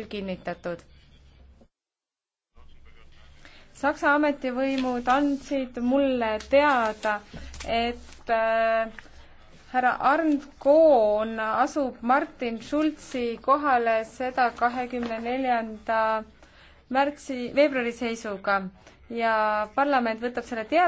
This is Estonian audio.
hommikul kinnitatud. Saksa ametivõimud andsid mulle teada, et äh, härra Arnd Koon asub Martin Schulzi kohale seda kahekümne neljanda märtsi, veebruari seisuga ja parlament võtab selle teada.